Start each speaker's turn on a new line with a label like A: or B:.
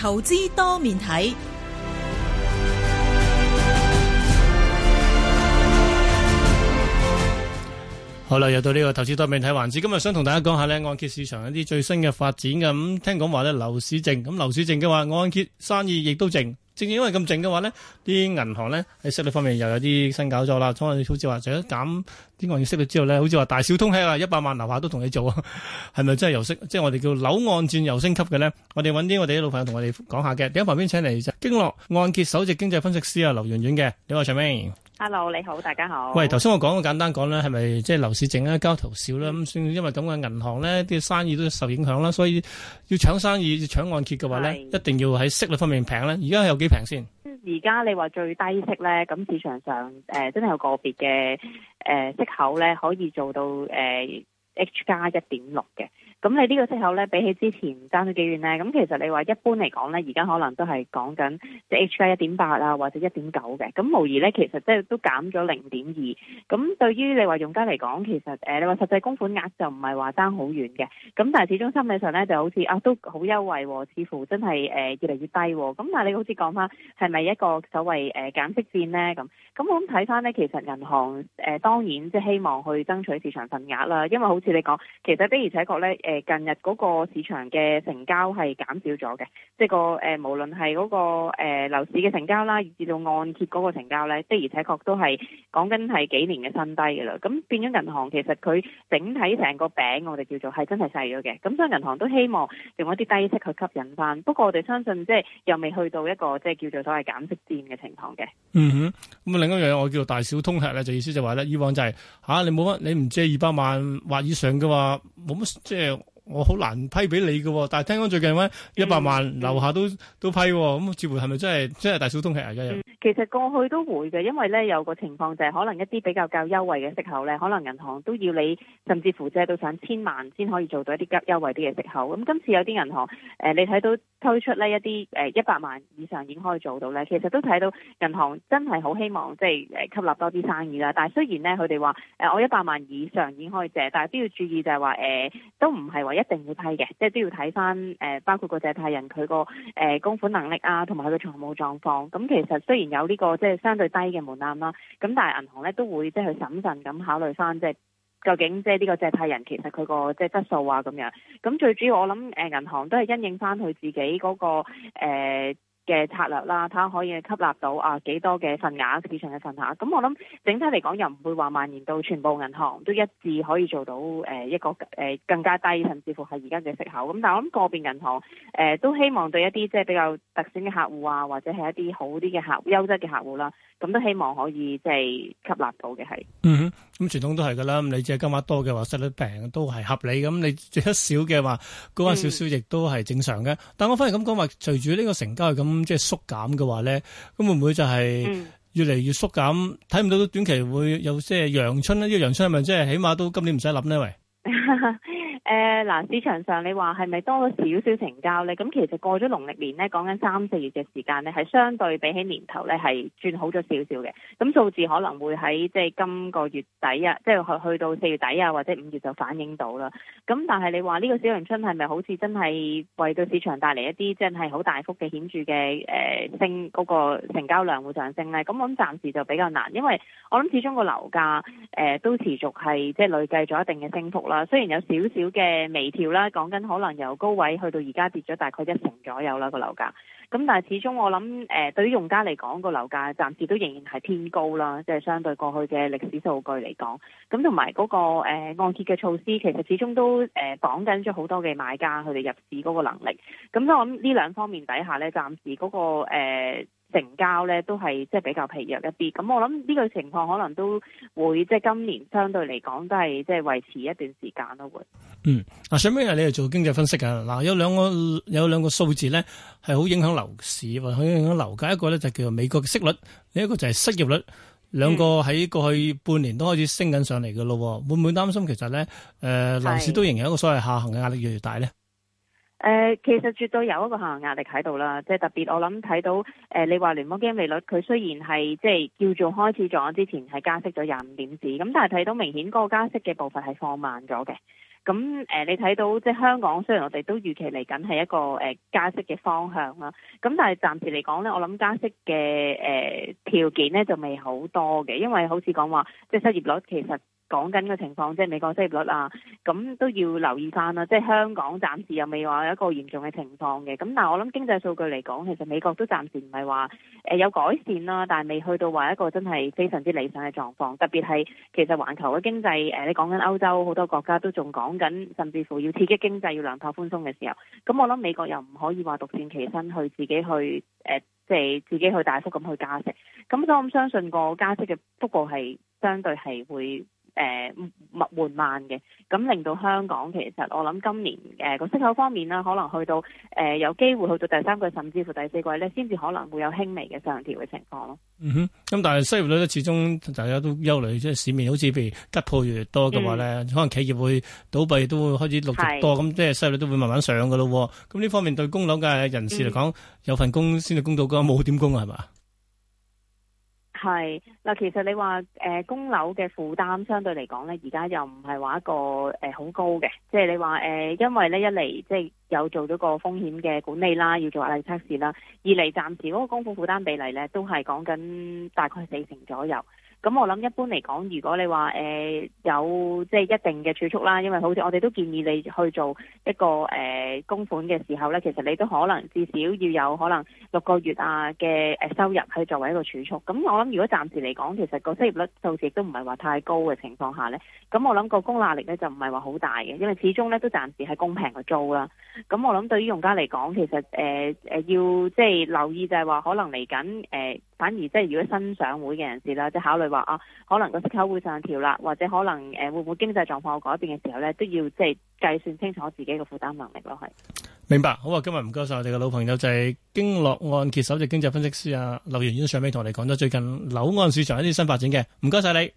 A: 投資多面睇。
B: 好啦，又到呢個投資多面睇環節。今日想同大家講下呢，按揭市場一啲最新嘅發展嘅。咁聽講話咧，樓市靜，咁樓市靜嘅話，按揭生意亦都靜。正因為咁靜嘅話呢，啲銀行呢，喺息率方面又有啲新搞作啦，因為好似話想減啲按息率之後呢，好似話大小通吃啦，一百萬樓下都同你做啊，係咪真係由升？即係我哋叫樓按戰又升級嘅呢？我哋揾啲我哋啲老朋友同我哋講一下嘅，喺旁邊請嚟經絡按揭首席經濟分析師啊，劉圓圓嘅，你好，Charmaine。
A: hello，你好，大家好。喂，
B: 頭先我講，簡單講啦，係咪即係樓市整咧交投少啦？咁、嗯、算，因為咁嘅銀行咧啲生意都受影響啦，所以要搶生意、搶按揭嘅話咧，的一定要喺息率方面平咧。而家係有幾平先？
A: 而家你話最低息咧，咁市場上誒、呃、真係有個別嘅誒息口咧，可以做到誒。呃 H 加一點六嘅，咁你呢個息口咧，比起之前爭咗幾遠咧，咁其實你話一般嚟講咧，而家可能都係講緊即係 H 加一點八啦，或者一點九嘅，咁無疑咧其實即係都減咗零點二，咁對於你話用家嚟講，其實誒、呃、你話實際供款額就唔係話爭好遠嘅，咁但係始終心理上咧就好似啊都好優惠、哦，似乎真係誒、呃、越嚟越低、哦，咁但係你好似講翻係咪一個所謂誒、呃、減息戰咧咁，咁我諗睇翻咧，其實銀行誒、呃、當然即係希望去爭取市場份額啦，因為好似。你嚟講，其實的而且確咧，誒，近日嗰個市場嘅成交係減少咗嘅，即係個誒，無論係嗰個誒樓市嘅成交啦，至到按揭嗰個成交咧，的而且確都係講緊係幾年嘅新低嘅啦。咁變咗銀行其實佢整體成個餅，我哋叫做係真係細咗嘅。咁所以銀行都希望用一啲低息去吸引翻。不過我哋相信，即係又未去到一個即係叫做所謂減息戰嘅情況嘅。嗯
B: 哼，咁啊另一樣嘢我叫做大小通吃咧，就意思就話咧，以往就係吓你冇乜，你唔借二百萬或。以上嘅話，冇乜即係。呃我好難批俾你嘅，但係聽講最近咧一百萬樓下都、嗯、都批，咁、嗯、似乎係咪真係真係大小通吃啊？今日、嗯、
A: 其實過去都會嘅，因為咧有個情況就係可能一啲比較較優惠嘅息口咧，可能銀行都要你甚至乎借到上千萬先可以做到一啲較優惠啲嘅息口。咁、嗯、今次有啲銀行誒、呃，你睇到推出呢一啲誒一百萬以上已經可以做到咧，其實都睇到銀行真係好希望即係誒吸納多啲生意啦。但係雖然咧佢哋話誒我一百萬以上已經可以借，但係都要注意就係話誒都唔係。我一定會批嘅，即係都要睇翻誒，包括個借貸人佢個誒供款能力啊，同埋佢嘅財務狀況。咁、嗯、其實雖然有呢、這個即係相對低嘅門檻啦，咁但係銀行咧都會即係去審慎咁考慮翻，即係究竟即係呢個借貸人其實佢個即係質素啊咁樣。咁、嗯、最主要我諗誒、呃，銀行都係因應翻佢自己嗰、那個、呃嘅策略啦，睇下可以吸納到啊幾多嘅份額，市場嘅份額。咁我諗整體嚟講，又唔會話蔓延到全部銀行都一致可以做到誒、呃、一個誒、呃、更加低，甚至乎係而家嘅息口。咁但係我諗個別銀行誒、呃、都希望對一啲即係比較特選嘅客戶啊，或者係一啲好啲嘅客優質嘅客戶啦，咁都希望可以即係吸納到嘅係嗯
B: 哼，咁傳統都係噶啦。咁你借金額多嘅話，息率平都係合理。咁你借得少嘅話，高翻少少亦都係正常嘅。嗯、但我反而咁講話，隨住呢個成交係咁。咁即係縮減嘅話咧，咁會唔會就係越嚟越縮減？睇唔、嗯、到短期會有即係陽春咧，呢、呢個陽春係咪即係起碼都今年唔使諗咧？喂。
A: 誒嗱，市場上你話係咪多咗少少成交呢？咁其實過咗農曆年呢，講緊三四月嘅時間呢，係相對比起年頭呢，係轉好咗少少嘅。咁數字可能會喺即係今個月底啊，即係去去到四月底啊，或者五月就反映到啦。咁但係你話呢個小陽春係咪好似真係為到市場帶嚟一啲真係好大幅嘅顯著嘅誒升嗰個成交量會上升呢？咁我諗暫時就比較難，因為我諗始終個樓價誒都持續係即係累計咗一定嘅升幅啦。雖然有少少嘅。嘅微調啦，講緊可能由高位去到而家跌咗大概一成左右啦，個樓價。咁但係始終我諗誒、呃，對於用家嚟講個樓價暫時都仍然係偏高啦，即係相對過去嘅歷史數據嚟講。咁同埋嗰個、呃、按揭嘅措施，其實始終都誒綁緊咗好多嘅買家佢哋入市嗰個能力。咁我諗呢兩方面底下呢，暫時嗰個、呃成交咧都係即係比較疲弱一啲，咁我諗呢個情況可能都會即係今年相對嚟講都係即係維持一段時間
B: 咯，會。嗯，嗱，上係你係做經濟分析噶，嗱，有兩個有兩個數字咧係好影響樓市或者影響樓價，一個咧就叫做美國嘅息率，另一個就係失業率，兩個喺過去半年都開始升緊上嚟㗎咯，嗯、會唔會擔心其實咧誒、呃、是樓市都仍然一個所謂下行嘅壓力越來越大咧？
A: 誒、呃，其實絕對有一個下行壓力喺度啦，即係特別我諗睇到誒、呃，你話聯邦基金利率佢雖然係即係叫做開始咗之前係加息咗廿五點子，咁但係睇到明顯嗰個加息嘅部分係放慢咗嘅。咁誒、呃，你睇到即係香港雖然我哋都預期嚟緊係一個誒、呃、加息嘅方向啦，咁但係暫時嚟講咧，我諗加息嘅誒、呃、條件咧就未好多嘅，因為好似講話即係失業率其實。講緊嘅情況，即係美國失業率啊，咁都要留意翻啦。即係香港暫時又未話有一個嚴重嘅情況嘅。咁但我諗經濟數據嚟講，其實美國都暫時唔係話有改善啦、啊，但係未去到話一個真係非常之理想嘅狀況。特別係其實環球嘅經濟，呃、你講緊歐洲好多國家都仲講緊，甚至乎要刺激經濟，要量化寬鬆嘅時候，咁我諗美國又唔可以話獨善其身，去自己去即係、呃就是、自己去大幅咁去加息。咁所以我相信個加息嘅幅度係相對係會。誒慢、呃、緩慢嘅，咁令到香港其實我諗今年誒個、呃、息口方面啦，可能去到誒、呃、有機會去到第三季，甚至乎第四季咧，先至可能會有輕微嘅上調嘅情況咯。
B: 嗯哼，咁但係失業率咧，始終大家都憂慮，即係市面好似被急破越嚟越多嘅話咧，嗯、可能企業會倒閉，都會開始陸續多，咁即係失業率都會慢慢上嘅咯。喎，咁呢方面對供樓嘅人士嚟講，嗯、有份工先至供到㗎，冇點供係嘛？
A: 係，嗱，其實你話誒、呃、供樓嘅負擔相對嚟講咧，而家又唔係話一個誒好、呃、高嘅，即係你話誒，因為咧一嚟即係有做咗個風險嘅管理啦，要做壓力測試啦，二嚟暫時嗰個供款負擔比例咧都係講緊大概四成左右。咁我諗一般嚟講，如果你話誒、呃、有即係一定嘅儲蓄啦，因為好似我哋都建議你去做一個誒、呃、供款嘅時候呢，其實你都可能至少要有可能六個月啊嘅誒收入去作為一個儲蓄。咁我諗如果暫時嚟講，其實個失業率數字都唔係話太高嘅情況下呢，咁我諗個供壓力呢，就唔係話好大嘅，因為始終呢都暫時係供平過租啦。咁我諗對於用家嚟講，其實誒誒、呃呃、要即係留意就係話，可能嚟緊誒反而即係如果新上會嘅人士啦，即、就、係、是、考慮話啊，可能個息口會上調啦，或者可能誒、呃、會唔會經濟狀況改變嘅時候咧，都要即係計算清楚自己嘅負擔能力咯，係。
B: 明白，好啊，今日唔該晒我哋嘅老朋友就係、是、經絡按揭首席經濟分析師啊劉圓圓上邊同我哋講咗最近樓按市場一啲新發展嘅，唔該晒你。